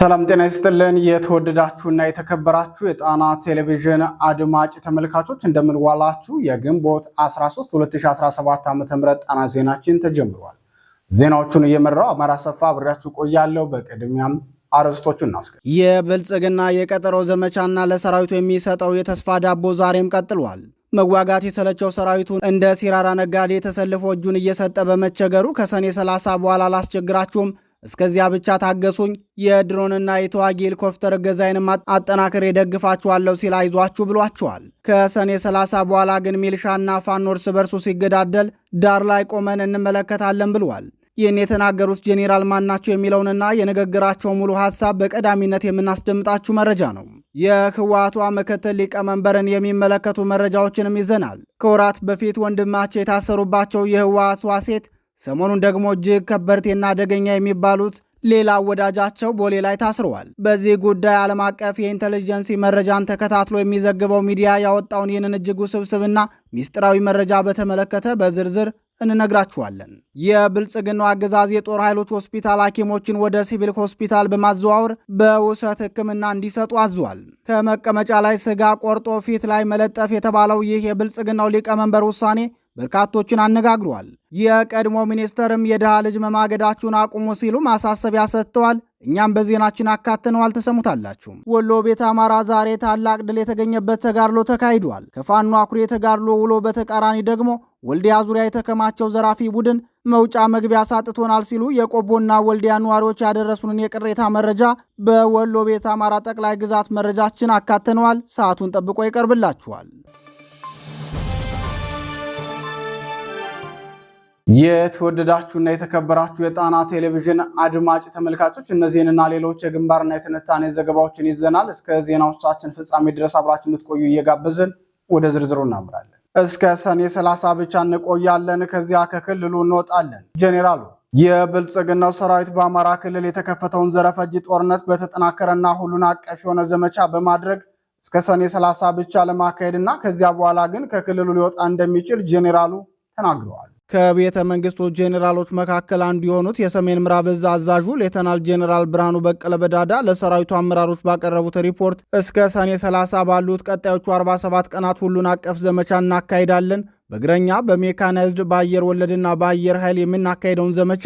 ሰላም ጤና ይስጥልን። የተወደዳችሁና የተከበራችሁ የጣና ቴሌቪዥን አድማጭ ተመልካቾች እንደምንዋላችሁ። የግንቦት 13 2017 ዓ ም ጣና ዜናችን ተጀምሯል። ዜናዎቹን እየመራው አማራ ሰፋ አብሬያችሁ ቆያለሁ። በቅድሚያም አርዕስቶቹ እናስገ የብልጽግና የቀጠሮ ዘመቻና ለሰራዊቱ የሚሰጠው የተስፋ ዳቦ ዛሬም ቀጥሏል። መዋጋት የሰለቸው ሰራዊቱ እንደ ሲራራ ነጋዴ ተሰልፎ እጁን እየሰጠ በመቸገሩ ከሰኔ 30 በኋላ አላስቸግራችሁም እስከዚያ ብቻ ታገሱኝ፣ የድሮንና የተዋጊ ሄሊኮፕተር ገዛይንም አጠናክሬ ደግፋችኋለሁ ሲል አይዟችሁ ብሏቸዋል። ከሰኔ 30 በኋላ ግን ሚልሻና ፋኖ እርስ በርሱ ሲገዳደል ዳር ላይ ቆመን እንመለከታለን ብሏል። ይህን የተናገሩት ጄኔራል ማናቸው የሚለውንና የንግግራቸው ሙሉ ሀሳብ በቀዳሚነት የምናስደምጣችሁ መረጃ ነው። የህወሓቷ ምክትል ሊቀመንበርን የሚመለከቱ መረጃዎችንም ይዘናል። ከወራት በፊት ወንድማቸው የታሰሩባቸው የህወሓቷ ሴት ሰሞኑን ደግሞ እጅግ ከበርቴና አደገኛ የሚባሉት ሌላ ወዳጃቸው ቦሌ ላይ ታስረዋል። በዚህ ጉዳይ ዓለም አቀፍ የኢንተለጀንሲ መረጃን ተከታትሎ የሚዘግበው ሚዲያ ያወጣውን ይህንን እጅግ ውስብስብና ሚስጥራዊ መረጃ በተመለከተ በዝርዝር እንነግራችኋለን። የብልጽግናው አገዛዝ የጦር ኃይሎች ሆስፒታል ሐኪሞችን ወደ ሲቪል ሆስፒታል በማዘዋወር በውሰት ሕክምና እንዲሰጡ አዟል። ከመቀመጫ ላይ ስጋ ቆርጦ ፊት ላይ መለጠፍ የተባለው ይህ የብልጽግናው ሊቀመንበር ውሳኔ በርካቶችን አነጋግሯል። የቀድሞ ሚኒስተርም የድሃ ልጅ መማገዳችሁን አቁሙ ሲሉ ማሳሰቢያ ሰጥተዋል። እኛም በዜናችን አካተነው አልተሰሙታላችሁም። ወሎ ቤት አማራ ዛሬ ታላቅ ድል የተገኘበት ተጋድሎ ተካሂዷል። ከፋኖ አኩሪ የተጋድሎ ውሎ በተቃራኒ ደግሞ ወልዲያ ዙሪያ የተከማቸው ዘራፊ ቡድን መውጫ መግቢያ ሳጥቶናል ሲሉ የቆቦና ወልዲያ ነዋሪዎች ያደረሱንን የቅሬታ መረጃ በወሎ ቤት አማራ ጠቅላይ ግዛት መረጃችን አካተነዋል። ሰዓቱን ጠብቆ ይቀርብላችኋል። የተወደዳችሁና የተከበራችሁ የጣና ቴሌቪዥን አድማጭ ተመልካቾች እነዚህንና ሌሎች የግንባርና የትንታኔ ዘገባዎችን ይዘናል። እስከ ዜናዎቻችን ፍጻሜ ድረስ አብራችሁ እንድትቆዩ እየጋበዝን ወደ ዝርዝሩ እናምራለን። እስከ ሰኔ ሰላሳ ብቻ እንቆያለን፣ ከዚያ ከክልሉ እንወጣለን። ጄኔራሉ የብልጽግናው ሰራዊት በአማራ ክልል የተከፈተውን ዘረፈጅ ጦርነት በተጠናከረና ሁሉን አቀፍ የሆነ ዘመቻ በማድረግ እስከ ሰኔ ሰላሳ ብቻ ለማካሄድ እና ከዚያ በኋላ ግን ከክልሉ ሊወጣ እንደሚችል ጄኔራሉ ተናግረዋል። ከቤተ መንግስቱ ጄኔራሎች መካከል አንዱ የሆኑት የሰሜን ምዕራብ እዝ አዛዡ ሌተናል ጄኔራል ብርሃኑ በቀለ በዳዳ ለሰራዊቱ አመራሮች ባቀረቡት ሪፖርት እስከ ሰኔ 30 ባሉት ቀጣዮቹ 47 ቀናት ሁሉን አቀፍ ዘመቻ እናካሄዳለን በእግረኛ በሜካናይዝድ በአየር ወለድና በአየር ኃይል የምናካሄደውን ዘመቻ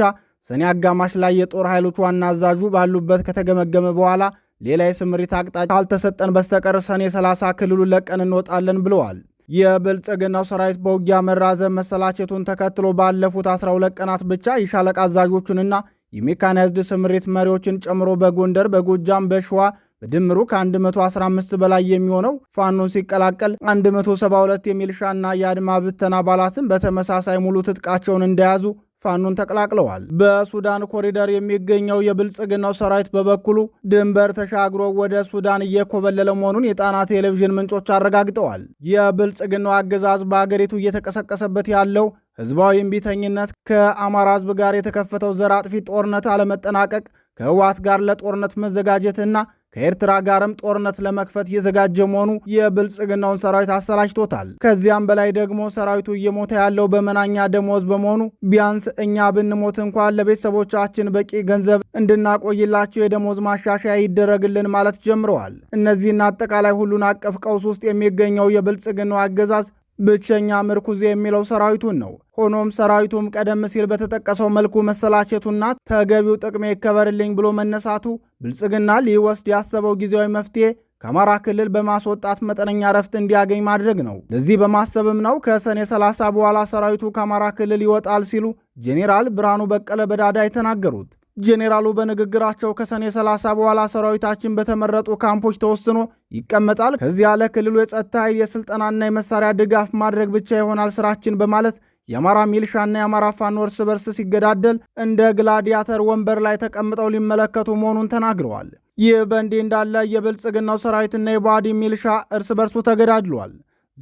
ሰኔ አጋማሽ ላይ የጦር ኃይሎች ዋና አዛዡ ባሉበት ከተገመገመ በኋላ ሌላ የስምሪት አቅጣጫ ካልተሰጠን በስተቀር ሰኔ 30 ክልሉን ለቀን እንወጣለን ብለዋል። የብልጽግናው ሰራዊት በውጊያ መራዘም መሰላቸቱን ተከትሎ ባለፉት 12 ቀናት ብቻ የሻለቃ አዛዦቹንና የሜካናይዝድ ስምሪት መሪዎችን ጨምሮ በጎንደር፣ በጎጃም፣ በሸዋ በድምሩ ከ115 በላይ የሚሆነው ፋኖን ሲቀላቀል 172 የሚልሻና የአድማ ብተና አባላትን በተመሳሳይ ሙሉ ትጥቃቸውን እንደያዙ ፋኖን ተቀላቅለዋል። በሱዳን ኮሪደር የሚገኘው የብልጽግናው ሰራዊት በበኩሉ ድንበር ተሻግሮ ወደ ሱዳን እየኮበለለ መሆኑን የጣና ቴሌቪዥን ምንጮች አረጋግጠዋል። የብልጽግናው አገዛዝ በአገሪቱ እየተቀሰቀሰበት ያለው ህዝባዊ እምቢተኝነት ከአማራ ህዝብ ጋር የተከፈተው ዘር አጥፊ ጦርነት አለመጠናቀቅ ከህወሓት ጋር ለጦርነት መዘጋጀትና ከኤርትራ ጋርም ጦርነት ለመክፈት እየዘጋጀ መሆኑ የብልጽግናውን ሰራዊት አሰላችቶታል። ከዚያም በላይ ደግሞ ሰራዊቱ እየሞተ ያለው በመናኛ ደሞዝ በመሆኑ ቢያንስ እኛ ብንሞት እንኳን ለቤተሰቦቻችን በቂ ገንዘብ እንድናቆይላቸው የደሞዝ ማሻሻያ ይደረግልን ማለት ጀምረዋል። እነዚህና አጠቃላይ ሁሉን አቀፍ ቀውስ ውስጥ የሚገኘው የብልጽግናው አገዛዝ ብቸኛ ምርኩዝ የሚለው ሰራዊቱን ነው። ሆኖም ሰራዊቱም ቀደም ሲል በተጠቀሰው መልኩ መሰላቸቱና ተገቢው ጥቅሜ ይከበርልኝ ብሎ መነሳቱ ብልጽግና ሊወስድ ያሰበው ጊዜያዊ መፍትሄ ከአማራ ክልል በማስወጣት መጠነኛ ረፍት እንዲያገኝ ማድረግ ነው። ለዚህ በማሰብም ነው ከሰኔ 30 በኋላ ሰራዊቱ ከአማራ ክልል ይወጣል ሲሉ ጄኔራል ብርሃኑ በቀለ በዳዳ የተናገሩት። ጄኔራሉ በንግግራቸው ከሰኔ 30 በኋላ ሰራዊታችን በተመረጡ ካምፖች ተወስኖ ይቀመጣል፣ ከዚያ ለክልሉ የጸጥታ ኃይል የስልጠናና የመሳሪያ ድጋፍ ማድረግ ብቻ ይሆናል ስራችን በማለት የአማራ ሚልሻና የአማራ ፋኖ እርስ በርስ ሲገዳደል እንደ ግላዲያተር ወንበር ላይ ተቀምጠው ሊመለከቱ መሆኑን ተናግረዋል። ይህ በእንዲህ እንዳለ የብልጽግናው ሰራዊትና የባዲ ሚልሻ እርስ በርሱ ተገዳድሏል።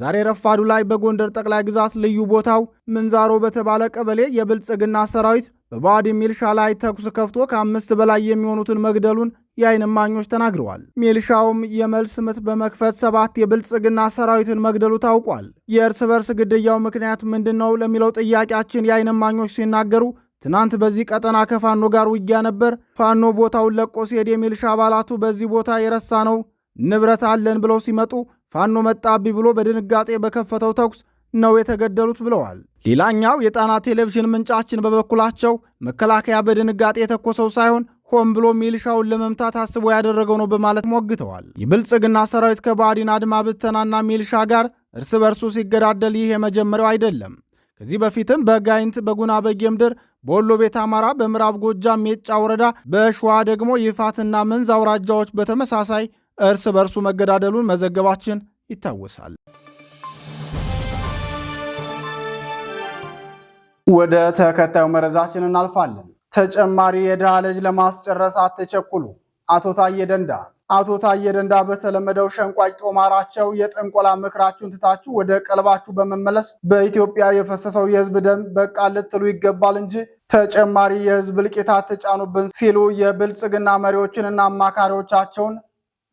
ዛሬ ረፋዱ ላይ በጎንደር ጠቅላይ ግዛት ልዩ ቦታው ምንዛሮ በተባለ ቀበሌ የብልጽግና ሰራዊት በባዕድ ሚልሻ ላይ ተኩስ ከፍቶ ከአምስት በላይ የሚሆኑትን መግደሉን የዓይን እማኞች ተናግረዋል። ሚልሻውም የመልስ ምት በመክፈት ሰባት የብልጽግና ሰራዊትን መግደሉ ታውቋል። የእርስ በርስ ግድያው ምክንያት ምንድን ነው ለሚለው ጥያቄያችን የዓይን እማኞች ሲናገሩ ትናንት በዚህ ቀጠና ከፋኖ ጋር ውጊያ ነበር። ፋኖ ቦታውን ለቆ ሲሄድ የሚልሻ አባላቱ በዚህ ቦታ የረሳ ነው ንብረት አለን ብለው ሲመጡ ፋኖ መጣቢ ብሎ በድንጋጤ በከፈተው ተኩስ ነው የተገደሉት ብለዋል። ሌላኛው የጣና ቴሌቪዥን ምንጫችን በበኩላቸው መከላከያ በድንጋጤ የተኮሰው ሳይሆን ሆን ብሎ ሚሊሻውን ለመምታት አስቦ ያደረገው ነው በማለት ሞግተዋል። የብልጽግና ሰራዊት ከባዲን አድማ ብተናና ሚሊሻ ጋር እርስ በርሱ ሲገዳደል ይህ የመጀመሪያው አይደለም። ከዚህ በፊትም በጋይንት በጉና በጌምድር በወሎ ቤት አማራ በምዕራብ ጎጃም ሜጫ ወረዳ በሸዋ ደግሞ ይፋትና መንዝ አውራጃዎች በተመሳሳይ እርስ በእርሱ መገዳደሉን መዘገባችን ይታወሳል። ወደ ተከታዩ መረጃችን እናልፋለን። ተጨማሪ የድሃ ልጅ ለማስጨረስ አትቸኩሉ። አቶ ታዬ ደንዳ አቶ ታዬ ደንዳ በተለመደው ሸንቋጭ ጦማራቸው የጥንቆላ ምክራችሁን ትታችሁ ወደ ቀልባችሁ በመመለስ በኢትዮጵያ የፈሰሰው የህዝብ ደም በቃ ልትሉ ይገባል እንጂ ተጨማሪ የህዝብ እልቂት አትጫኑብን ሲሉ የብልጽግና መሪዎችንና አማካሪዎቻቸውን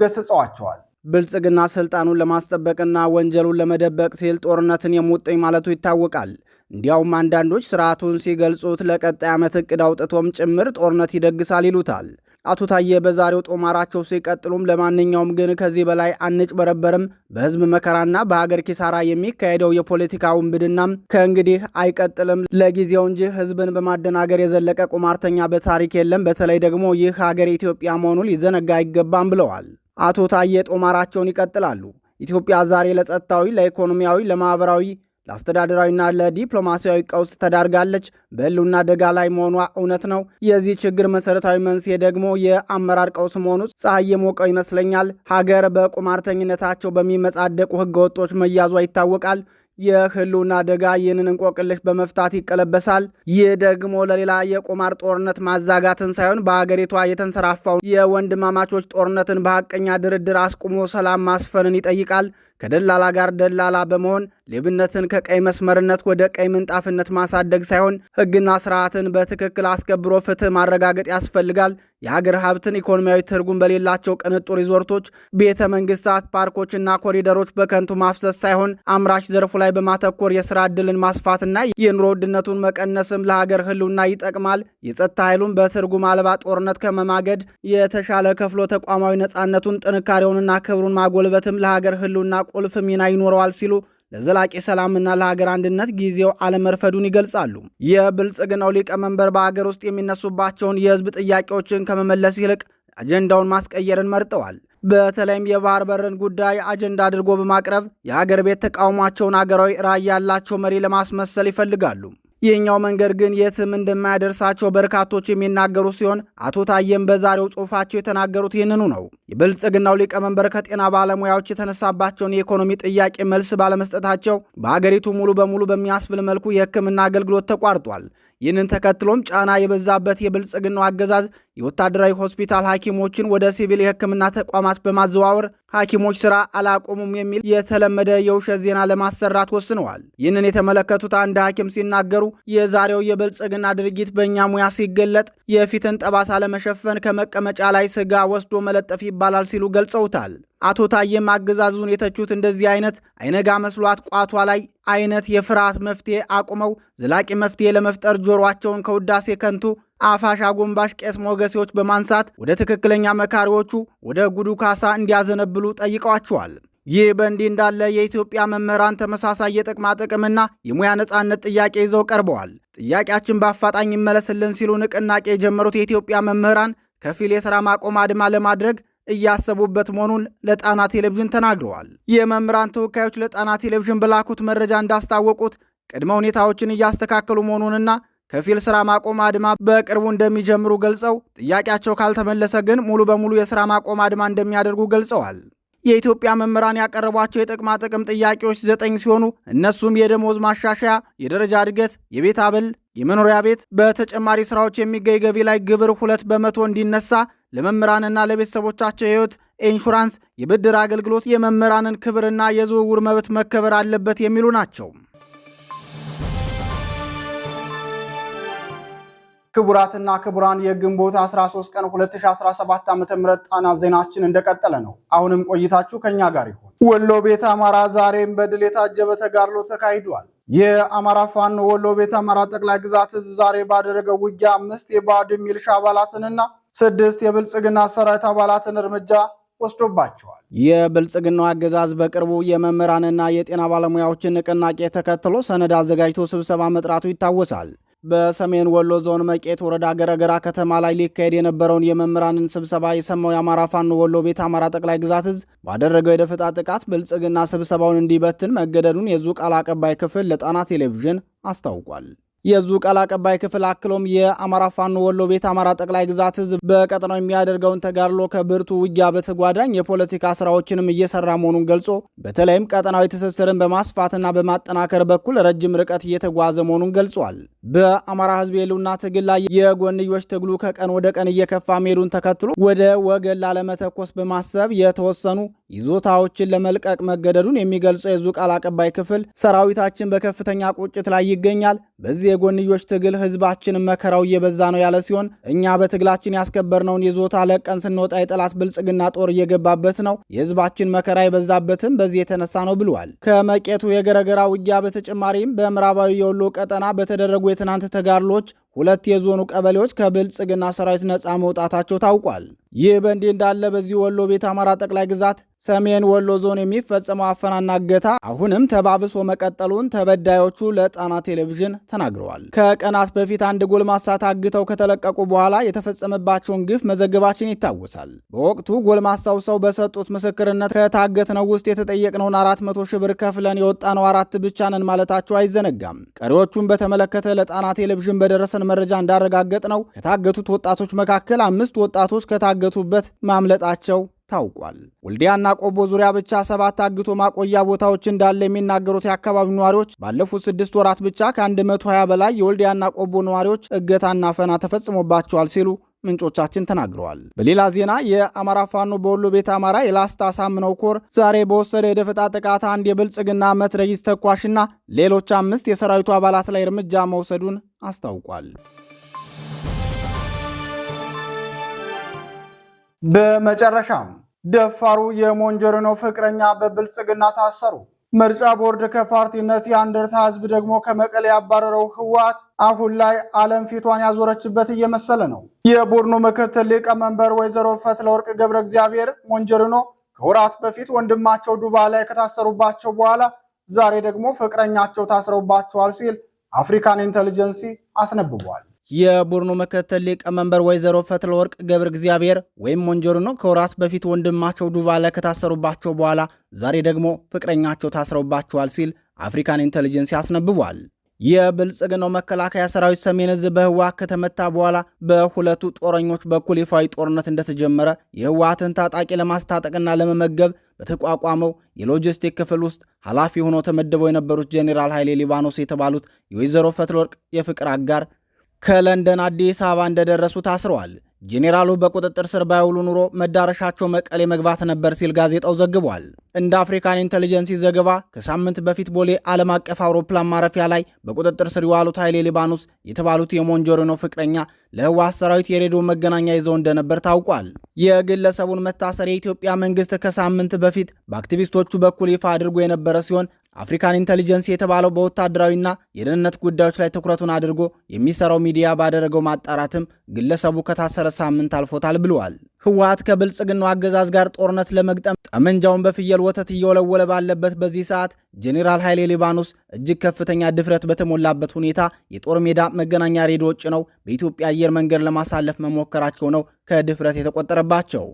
ገስጸዋቸዋል። ብልጽግና ስልጣኑን ለማስጠበቅና ወንጀሉን ለመደበቅ ሲል ጦርነትን የሙጥኝ ማለቱ ይታወቃል። እንዲያውም አንዳንዶች ስርዓቱን ሲገልጹት ለቀጣይ ዓመት እቅድ አውጥቶም ጭምር ጦርነት ይደግሳል ይሉታል። አቶ ታዬ በዛሬው ጦማራቸው ሲቀጥሉም ለማንኛውም ግን ከዚህ በላይ አንጭበረበርም፣ በህዝብ መከራና በሀገር ኪሳራ የሚካሄደው የፖለቲካ ውንብድናም ከእንግዲህ አይቀጥልም ለጊዜው እንጂ ህዝብን በማደናገር የዘለቀ ቁማርተኛ በታሪክ የለም፣ በተለይ ደግሞ ይህ ሀገር ኢትዮጵያ መሆኑን ሊዘነጋ አይገባም ብለዋል። አቶ ታዬ ጦማራቸውን ይቀጥላሉ። ኢትዮጵያ ዛሬ ለጸጥታዊ፣ ለኢኮኖሚያዊ፣ ለማኅበራዊ ለአስተዳደራዊና ለዲፕሎማሲያዊ ቀውስ ተዳርጋለች። በሕልውና አደጋ ላይ መሆኗ እውነት ነው። የዚህ ችግር መሠረታዊ መንስኤ ደግሞ የአመራር ቀውስ መሆኑ ፀሐይ የሞቀው ይመስለኛል። ሀገር በቁማርተኝነታቸው በሚመጻደቁ ህገወጦች መያዟ ይታወቃል። የህልውና አደጋ ይህንን እንቆቅልሽ በመፍታት ይቀለበሳል። ይህ ደግሞ ለሌላ የቁማር ጦርነት ማዛጋትን ሳይሆን በሀገሪቷ የተንሰራፋው የወንድማማቾች ጦርነትን በሀቀኛ ድርድር አስቁሞ ሰላም ማስፈንን ይጠይቃል። ከደላላ ጋር ደላላ በመሆን ሌብነትን ከቀይ መስመርነት ወደ ቀይ ምንጣፍነት ማሳደግ ሳይሆን ህግና ስርዓትን በትክክል አስከብሮ ፍትህ ማረጋገጥ ያስፈልጋል። የሀገር ሀብትን ኢኮኖሚያዊ ትርጉም በሌላቸው ቅንጡ ሪዞርቶች፣ ቤተ መንግስታት፣ ፓርኮችና ኮሪደሮች በከንቱ ማፍሰስ ሳይሆን አምራች ዘርፉ ላይ በማተኮር የስራ ዕድልን ማስፋትና የኑሮ ውድነቱን መቀነስም ለሀገር ህልውና ይጠቅማል። የጸጥታ ኃይሉን በትርጉም አልባ ጦርነት ከመማገድ የተሻለ ከፍሎ ተቋማዊ ነጻነቱን ጥንካሬውንና ክብሩን ማጎልበትም ለሀገር ህልውና ቁልፍ ሚና ይኖረዋል ሲሉ ለዘላቂ ሰላምና ለሀገር አንድነት ጊዜው አለመርፈዱን ይገልጻሉ። የብልጽግናው ሊቀመንበር በአገር ውስጥ የሚነሱባቸውን የህዝብ ጥያቄዎችን ከመመለስ ይልቅ አጀንዳውን ማስቀየርን መርጠዋል። በተለይም የባህር በርን ጉዳይ አጀንዳ አድርጎ በማቅረብ የአገር ቤት ተቃውሟቸውን አገራዊ ራዕይ ያላቸው መሪ ለማስመሰል ይፈልጋሉ። ይህኛው መንገድ ግን የትም እንደማያደርሳቸው በርካቶች የሚናገሩ ሲሆን አቶ ታየም በዛሬው ጽሑፋቸው የተናገሩት ይህንኑ ነው። የብልጽግናው ሊቀመንበር ከጤና ባለሙያዎች የተነሳባቸውን የኢኮኖሚ ጥያቄ መልስ ባለመስጠታቸው በአገሪቱ ሙሉ በሙሉ በሚያስብል መልኩ የሕክምና አገልግሎት ተቋርጧል። ይህንን ተከትሎም ጫና የበዛበት የብልጽግናው አገዛዝ የወታደራዊ ሆስፒታል ሐኪሞችን ወደ ሲቪል የሕክምና ተቋማት በማዘዋወር ሐኪሞች ሥራ አላቆሙም የሚል የተለመደ የውሸት ዜና ለማሰራት ወስነዋል። ይህንን የተመለከቱት አንድ ሐኪም ሲናገሩ የዛሬው የብልጽግና ድርጊት በእኛ ሙያ ሲገለጥ የፊትን ጠባሳ ለመሸፈን ከመቀመጫ ላይ ስጋ ወስዶ መለጠፍ ይባላል ሲሉ ገልጸውታል። አቶ ታዬም አገዛዙን የተቹት እንደዚህ አይነት አይነጋ መስሏት ቋቷ ላይ አይነት የፍርሃት መፍትሄ አቁመው ዘላቂ መፍትሄ ለመፍጠር ጆሯቸውን ከውዳሴ ከንቱ አፋሽ አጎንባሽ ቄስ ሞገሴዎች በማንሳት ወደ ትክክለኛ መካሪዎቹ ወደ ጉዱ ካሳ እንዲያዘነብሉ ጠይቀዋቸዋል። ይህ በእንዲህ እንዳለ የኢትዮጵያ መምህራን ተመሳሳይ የጥቅማ ጥቅምና የሙያ ነጻነት ጥያቄ ይዘው ቀርበዋል። ጥያቄያችን በአፋጣኝ ይመለስልን ሲሉ ንቅናቄ የጀመሩት የኢትዮጵያ መምህራን ከፊል የሥራ ማቆም አድማ ለማድረግ እያሰቡበት መሆኑን ለጣና ቴሌቪዥን ተናግረዋል። የመምህራን ተወካዮች ለጣና ቴሌቪዥን በላኩት መረጃ እንዳስታወቁት ቅድመ ሁኔታዎችን እያስተካከሉ መሆኑንና ከፊል ስራ ማቆም አድማ በቅርቡ እንደሚጀምሩ ገልጸው ጥያቄያቸው ካልተመለሰ ግን ሙሉ በሙሉ የስራ ማቆም አድማ እንደሚያደርጉ ገልጸዋል። የኢትዮጵያ መምህራን ያቀረቧቸው የጥቅማ ጥቅም ጥያቄዎች ዘጠኝ ሲሆኑ እነሱም የደሞዝ ማሻሻያ፣ የደረጃ እድገት፣ የቤት አበል፣ የመኖሪያ ቤት፣ በተጨማሪ ስራዎች የሚገኝ ገቢ ላይ ግብር ሁለት በመቶ እንዲነሳ፣ ለመምህራንና ለቤተሰቦቻቸው ህይወት ኢንሹራንስ፣ የብድር አገልግሎት፣ የመምህራንን ክብርና የዝውውር መብት መከበር አለበት የሚሉ ናቸው። ክቡራትና ክቡራን የግንቦት 13 ቀን 2017 ዓ.ም ጣና ዜናችን እንደቀጠለ ነው። አሁንም ቆይታችሁ ከኛ ጋር ይሁን። ወሎ ቤት አማራ ዛሬም በድል የታጀበ ተጋድሎ ተካሂዷል። የአማራ ፋኖ ወሎ ቤት አማራ ጠቅላይ ግዛት እዝ ዛሬ ባደረገው ውጊያ አምስት የባዕድ ሚልሻ አባላትንና ስድስት የብልጽግና ሰራዊት አባላትን እርምጃ ወስዶባቸዋል። የብልጽግናው አገዛዝ በቅርቡ የመምህራንና የጤና ባለሙያዎችን ንቅናቄ ተከትሎ ሰነድ አዘጋጅቶ ስብሰባ መጥራቱ ይታወሳል። በሰሜን ወሎ ዞን መቄት ወረዳ ገረገራ ከተማ ላይ ሊካሄድ የነበረውን የመምህራንን ስብሰባ የሰማው የአማራ ፋኖ ወሎ ቤት አማራ ጠቅላይ ግዛት እዝ ባደረገው የደፈጣ ጥቃት ብልጽግና ስብሰባውን እንዲበትን መገደሉን የዙ ቃል አቀባይ ክፍል ለጣና ቴሌቪዥን አስታውቋል። የዙ ቃል አቀባይ ክፍል አክሎም የአማራ ፋኖ ወሎ ቤት አማራ ጠቅላይ ግዛት ህዝብ በቀጠናው የሚያደርገውን ተጋድሎ ከብርቱ ውጊያ በተጓዳኝ የፖለቲካ ስራዎችንም እየሰራ መሆኑን ገልጾ በተለይም ቀጠናዊ ትስስርን በማስፋትና በማጠናከር በኩል ረጅም ርቀት እየተጓዘ መሆኑን ገልጿል። በአማራ ህዝብ የህልውና ትግል ላይ የጎንዮች ትግሉ ከቀን ወደ ቀን እየከፋ መሄዱን ተከትሎ ወደ ወገን ላለመተኮስ በማሰብ የተወሰኑ ይዞታዎችን ለመልቀቅ መገደዱን የሚገልጸው የዙ ቃል አቀባይ ክፍል ሰራዊታችን በከፍተኛ ቁጭት ላይ ይገኛል። በዚህ የጎንዮች ትግል ህዝባችን መከራው እየበዛ ነው ያለ ሲሆን እኛ በትግላችን ያስከበርነውን ይዞታ ለቀን ስንወጣ የጠላት ብልጽግና ጦር እየገባበት ነው። የህዝባችን መከራ የበዛበትም በዚህ የተነሳ ነው ብለዋል። ከመቄቱ የገረገራ ውጊያ በተጨማሪም በምዕራባዊ የወሎ ቀጠና በተደረጉ የትናንት ተጋድሎች ሁለት የዞኑ ቀበሌዎች ከብልጽግና ሰራዊት ነፃ መውጣታቸው ታውቋል። ይህ በእንዲህ እንዳለ በዚህ ወሎ ቤት አማራ ጠቅላይ ግዛት ሰሜን ወሎ ዞን የሚፈጸመው አፈናና እገታ አሁንም ተባብሶ መቀጠሉን ተበዳዮቹ ለጣና ቴሌቪዥን ተናግረዋል። ከቀናት በፊት አንድ ጎልማሳ ታግተው ከተለቀቁ በኋላ የተፈጸመባቸውን ግፍ መዘገባችን ይታወሳል። በወቅቱ ጎልማሳው ሰው በሰጡት ምስክርነት ከታገትነው ውስጥ የተጠየቅነውን አራት መቶ ሺህ ብር ከፍለን የወጣነው አራት ብቻ ነን ማለታቸው አይዘነጋም። ቀሪዎቹን በተመለከተ ለጣና ቴሌቪዥን በደረሰን መረጃ እንዳረጋገጥ ነው ከታገቱት ወጣቶች መካከል አምስት ወጣቶች ከታገ ከታገቱበት ማምለጣቸው ታውቋል። ወልዲያና ቆቦ ዙሪያ ብቻ ሰባት አግቶ ማቆያ ቦታዎች እንዳለ የሚናገሩት የአካባቢው ነዋሪዎች ባለፉት ስድስት ወራት ብቻ ከ120 በላይ የወልዲያና ቆቦ ነዋሪዎች እገታና ፈና ተፈጽሞባቸዋል ሲሉ ምንጮቻችን ተናግረዋል። በሌላ ዜና የአማራ ፋኖ በወሎ ቤት አማራ የላስታ ሳምነው ኮር ዛሬ በወሰደ የደፈጣ ጥቃት አንድ የብልጽግና መትረጊስ ተኳሽና ሌሎች አምስት የሰራዊቱ አባላት ላይ እርምጃ መውሰዱን አስታውቋል። በመጨረሻም ደፋሩ የሞንጀሪኖ ፍቅረኛ በብልጽግና ታሰሩ። ምርጫ ቦርድ ከፓርቲነት የአንድርታ ህዝብ ደግሞ ከመቀሌ ያባረረው ህወሓት አሁን ላይ ዓለም ፊቷን ያዞረችበት እየመሰለ ነው። የቡድኑ ምክትል ሊቀመንበር ወይዘሮ ፈትለወርቅ ገብረ እግዚአብሔር ሞንጀሪኖ ከወራት በፊት ወንድማቸው ዱባ ላይ ከታሰሩባቸው በኋላ ዛሬ ደግሞ ፍቅረኛቸው ታስረውባቸዋል ሲል አፍሪካን ኢንተሊጀንሲ አስነብቧል። የቡድኑ ምክትል ሊቀመንበር ወይዘሮ ፈትለወርቅ ገብረ እግዚአብሔር ወይም ሞንጆሪኖ ከወራት በፊት ወንድማቸው ዱባለ ከታሰሩባቸው በኋላ ዛሬ ደግሞ ፍቅረኛቸው ታስረውባቸዋል ሲል አፍሪካን ኢንተሊጀንስ ያስነብቧል። የብልጽግናው መከላከያ ሰራዊት ሰሜን ህዝብ በህወሓት ከተመታ በኋላ በሁለቱ ጦረኞች በኩል ይፋዊ ጦርነት እንደተጀመረ የህወሓትን ታጣቂ ለማስታጠቅና ለመመገብ በተቋቋመው የሎጂስቲክ ክፍል ውስጥ ኃላፊ ሆኖ ተመድበው የነበሩት ጄኔራል ኃይሌ ሊባኖስ የተባሉት የወይዘሮ ፈትለወርቅ የፍቅር አጋር ከለንደን አዲስ አበባ እንደደረሱ ታስረዋል። ጄኔራሉ በቁጥጥር ስር ባይውሉ ኑሮ መዳረሻቸው መቀሌ መግባት ነበር ሲል ጋዜጣው ዘግቧል። እንደ አፍሪካን ኢንተሊጀንሲ ዘገባ ከሳምንት በፊት ቦሌ ዓለም አቀፍ አውሮፕላን ማረፊያ ላይ በቁጥጥር ስር የዋሉት ኃይሌ ሊባኖስ የተባሉት የሞንጆሪኖ ፍቅረኛ ለህወሓት ሰራዊት የሬዲዮ መገናኛ ይዘው እንደነበር ታውቋል። የግለሰቡን መታሰር የኢትዮጵያ መንግስት ከሳምንት በፊት በአክቲቪስቶቹ በኩል ይፋ አድርጎ የነበረ ሲሆን አፍሪካን ኢንቴሊጀንስ የተባለው በወታደራዊና የደህንነት ጉዳዮች ላይ ትኩረቱን አድርጎ የሚሰራው ሚዲያ ባደረገው ማጣራትም ግለሰቡ ከታሰረ ሳምንት አልፎታል ብለዋል። ህወሓት ከብልጽግናው አገዛዝ ጋር ጦርነት ለመግጠም ጠመንጃውን በፍየል ወተት እየወለወለ ባለበት በዚህ ሰዓት ጄኔራል ኃይሌ ሊባኖስ እጅግ ከፍተኛ ድፍረት በተሞላበት ሁኔታ የጦር ሜዳ መገናኛ ሬዲዮ ጭነው በኢትዮጵያ አየር መንገድ ለማሳለፍ መሞከራቸው ነው ከድፍረት የተቆጠረባቸው።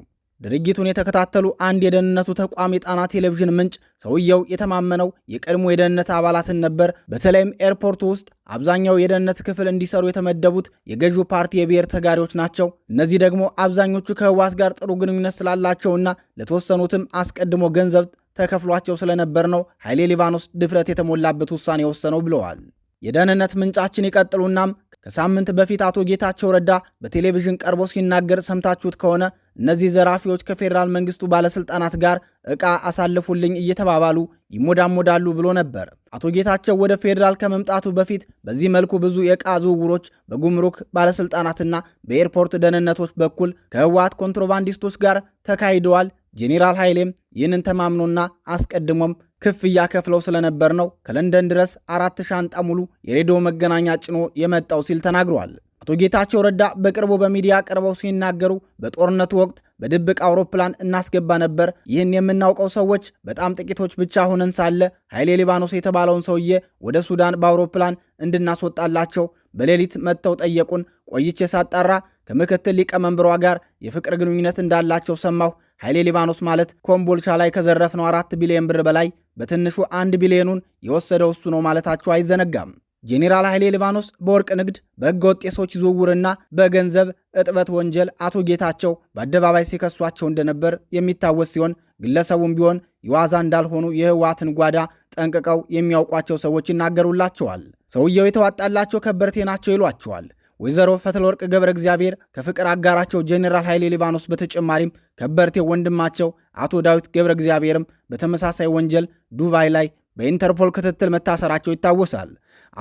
ድርጊቱን የተከታተሉ አንድ የደህንነቱ ተቋም የጣና ቴሌቪዥን ምንጭ ሰውየው የተማመነው የቀድሞ የደህንነት አባላትን ነበር። በተለይም ኤርፖርቱ ውስጥ አብዛኛው የደህንነት ክፍል እንዲሰሩ የተመደቡት የገዢው ፓርቲ የብሔር ተጋሪዎች ናቸው። እነዚህ ደግሞ አብዛኞቹ ከህዋስ ጋር ጥሩ ግንኙነት ስላላቸውና ለተወሰኑትም አስቀድሞ ገንዘብ ተከፍሏቸው ስለነበር ነው ኃይሌ ሊባኖስ ድፍረት የተሞላበት ውሳኔ የወሰነው ብለዋል። የደህንነት ምንጫችን ይቀጥሉናም ከሳምንት በፊት አቶ ጌታቸው ረዳ በቴሌቪዥን ቀርቦ ሲናገር ሰምታችሁት ከሆነ እነዚህ ዘራፊዎች ከፌዴራል መንግስቱ ባለስልጣናት ጋር ዕቃ አሳልፉልኝ እየተባባሉ ይሞዳሞዳሉ ብሎ ነበር። አቶ ጌታቸው ወደ ፌዴራል ከመምጣቱ በፊት በዚህ መልኩ ብዙ የዕቃ ዝውውሮች በጉምሩክ ባለስልጣናትና በኤርፖርት ደህንነቶች በኩል ከህወሓት ኮንትሮባንዲስቶች ጋር ተካሂደዋል ጄኔራል ኃይሌም ይህንን ተማምኖና አስቀድሞም ክፍያ ከፍለው ስለነበር ነው ከለንደን ድረስ አራት ሻንጣ ሙሉ የሬዲዮ መገናኛ ጭኖ የመጣው ሲል ተናግሯል። አቶ ጌታቸው ረዳ በቅርቡ በሚዲያ ቀርበው ሲናገሩ በጦርነቱ ወቅት በድብቅ አውሮፕላን እናስገባ ነበር። ይህን የምናውቀው ሰዎች በጣም ጥቂቶች ብቻ ሆነን ሳለ ኃይሌ ሊባኖስ የተባለውን ሰውዬ ወደ ሱዳን በአውሮፕላን እንድናስወጣላቸው በሌሊት መጥተው ጠየቁን። ቆይቼ ሳጣራ ከምክትል ሊቀመንበሯ ጋር የፍቅር ግንኙነት እንዳላቸው ሰማሁ። ኃይሌ ሊባኖስ ማለት ኮምቦልቻ ላይ ከዘረፍነው አራት ቢሊዮን ብር በላይ በትንሹ አንድ ቢሊዮኑን የወሰደው እሱ ነው ማለታቸው አይዘነጋም። ጄኔራል ኃይሌ ሊባኖስ በወርቅ ንግድ፣ በሕገ ወጥ የሰዎች ዝውውርና በገንዘብ እጥበት ወንጀል አቶ ጌታቸው በአደባባይ ሲከሷቸው እንደነበር የሚታወስ ሲሆን ግለሰቡም ቢሆን የዋዛ እንዳልሆኑ የህወሓትን ጓዳ ጠንቅቀው የሚያውቋቸው ሰዎች ይናገሩላቸዋል። ሰውየው የተዋጣላቸው ከበርቴ ናቸው ይሏቸዋል። ወይዘሮ ፈትለወርቅ ገብረ እግዚአብሔር ከፍቅር አጋራቸው ጄኔራል ኃይሌ ሊባኖስ በተጨማሪም ከበርቴ ወንድማቸው አቶ ዳዊት ገብረ እግዚአብሔርም በተመሳሳይ ወንጀል ዱባይ ላይ በኢንተርፖል ክትትል መታሰራቸው ይታወሳል።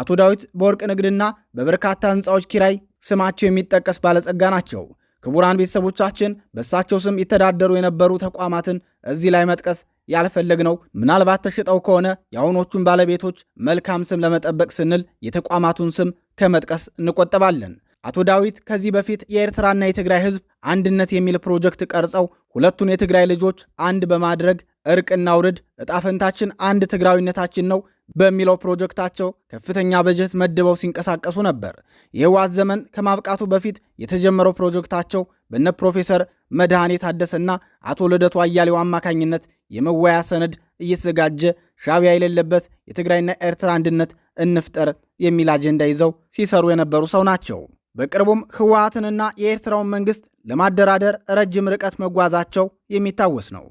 አቶ ዳዊት በወርቅ ንግድና በበርካታ ህንፃዎች ኪራይ ስማቸው የሚጠቀስ ባለጸጋ ናቸው። ክቡራን ቤተሰቦቻችን በእሳቸው ስም ይተዳደሩ የነበሩ ተቋማትን እዚህ ላይ መጥቀስ ያልፈለግነው ምናልባት ተሽጠው ከሆነ የአሁኖቹን ባለቤቶች መልካም ስም ለመጠበቅ ስንል የተቋማቱን ስም ከመጥቀስ እንቆጠባለን። አቶ ዳዊት ከዚህ በፊት የኤርትራና የትግራይ ሕዝብ አንድነት የሚል ፕሮጀክት ቀርጸው ሁለቱን የትግራይ ልጆች አንድ በማድረግ እርቅና ውርድ እጣፈንታችን አንድ ትግራዊነታችን ነው በሚለው ፕሮጀክታቸው ከፍተኛ በጀት መድበው ሲንቀሳቀሱ ነበር። የህወሓት ዘመን ከማብቃቱ በፊት የተጀመረው ፕሮጀክታቸው በነ ፕሮፌሰር መድኃኔ ታደሰና አቶ ልደቱ አያሌው አማካኝነት የመወያ ሰነድ እየተዘጋጀ ሻቢያ የሌለበት የትግራይና ኤርትራ አንድነት እንፍጠር የሚል አጀንዳ ይዘው ሲሰሩ የነበሩ ሰው ናቸው። በቅርቡም ህወሓትንና የኤርትራውን መንግስት ለማደራደር ረጅም ርቀት መጓዛቸው የሚታወስ ነው።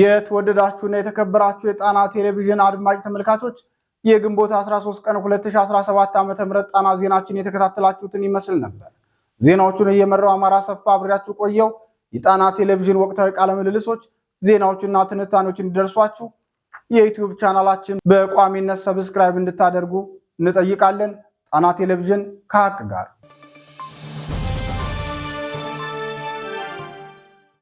የተወደዳችሁና የተከበራችሁ የጣና ቴሌቪዥን አድማጭ ተመልካቾች የግንቦት 13 ቀን 2017 ዓ.ም ጣና ዜናችን የተከታተላችሁትን ይመስል ነበር። ዜናዎቹን እየመራው አማራ ሰፋ አብሬያችሁ ቆየው። የጣና ቴሌቪዥን ወቅታዊ ቃለ ምልልሶች፣ ዜናዎችና ትንታኔዎች እንዲደርሷችሁ የዩቲዩብ ቻናላችን በቋሚነት ሰብስክራይብ እንድታደርጉ እንጠይቃለን። ጣና ቴሌቪዥን ከሀቅ ጋር